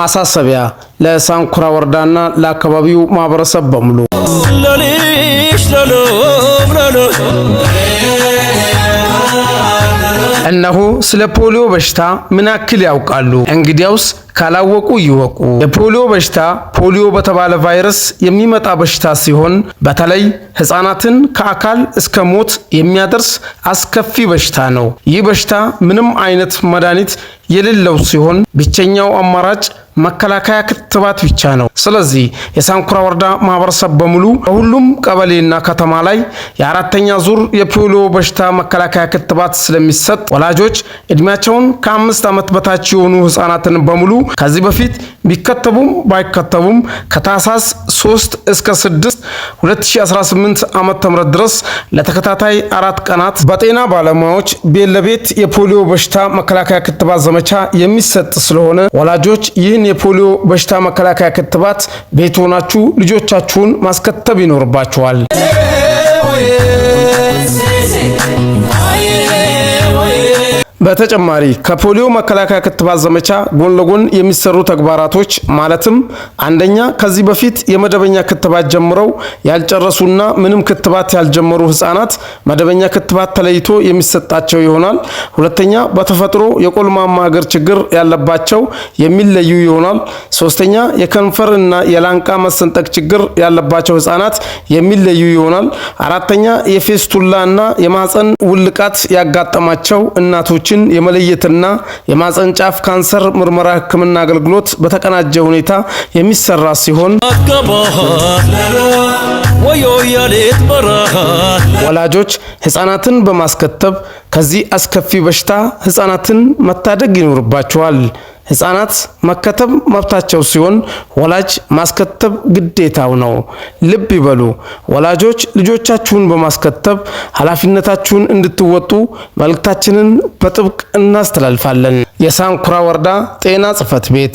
ማሳሰቢያ ለሳንኩራ ወረዳና ለአካባቢው ማህበረሰብ በሙሉ እነሆ ስለ ፖሊዮ በሽታ ምን ያክል ያውቃሉ? እንግዲያውስ ካላወቁ ይወቁ። የፖሊዮ በሽታ ፖሊዮ በተባለ ቫይረስ የሚመጣ በሽታ ሲሆን በተለይ ሕፃናትን ከአካል እስከ ሞት የሚያደርስ አስከፊ በሽታ ነው። ይህ በሽታ ምንም አይነት መድኃኒት የሌለው ሲሆን ብቸኛው አማራጭ መከላከያ ክትባት ብቻ ነው። ስለዚህ የሳንኩራ ወረዳ ማህበረሰብ በሙሉ በሁሉም ቀበሌና ከተማ ላይ የአራተኛ ዙር የፖሊዮ በሽታ መከላከያ ክትባት ስለሚሰጥ ወላጆች እድሜያቸውን ከአምስት ዓመት በታች የሆኑ ህጻናትን በሙሉ ከዚህ በፊት ቢከተቡም ባይከተቡም ከታህሳስ 3 እስከ 6 2018 ዓ.ም ድረስ ለተከታታይ አራት ቀናት በጤና ባለሙያዎች ቤት ለቤት የፖሊዮ በሽታ መከላከያ ክትባት ዘመቻ የሚሰጥ ስለሆነ ወላጆች ይህን የፖሊዮ በሽታ መከላከያ ክትባት ቤት ሆናችሁ ልጆቻችሁን ማስከተብ ይኖርባችኋል። በተጨማሪ ከፖሊዮ መከላከያ ክትባት ዘመቻ ጎን ለጎን የሚሰሩ ተግባራቶች ማለትም አንደኛ ከዚህ በፊት የመደበኛ ክትባት ጀምረው ያልጨረሱና ምንም ክትባት ያልጀመሩ ህጻናት መደበኛ ክትባት ተለይቶ የሚሰጣቸው ይሆናል። ሁለተኛ በተፈጥሮ የቆልማማ እግር ችግር ያለባቸው የሚለዩ ይሆናል። ሶስተኛ የከንፈር እና የላንቃ መሰንጠቅ ችግር ያለባቸው ህጻናት የሚለዩ ይሆናል። አራተኛ የፌስቱላ እና የማህፀን ውልቃት ያጋጠማቸው እናቶች በሽታዎችን የመለየትና የማጸንጫፍ ካንሰር ምርመራ ሕክምና አገልግሎት በተቀናጀ ሁኔታ የሚሰራ ሲሆን ወላጆች ህጻናትን በማስከተብ ከዚህ አስከፊ በሽታ ህጻናትን መታደግ ይኖርባቸዋል። ህጻናት መከተብ መብታቸው ሲሆን ወላጅ ማስከተብ ግዴታው ነው። ልብ ይበሉ። ወላጆች ልጆቻችሁን በማስከተብ ኃላፊነታችሁን እንድትወጡ መልእክታችንን በጥብቅ እናስተላልፋለን። የሳንኩራ ወረዳ ጤና ጽህፈት ቤት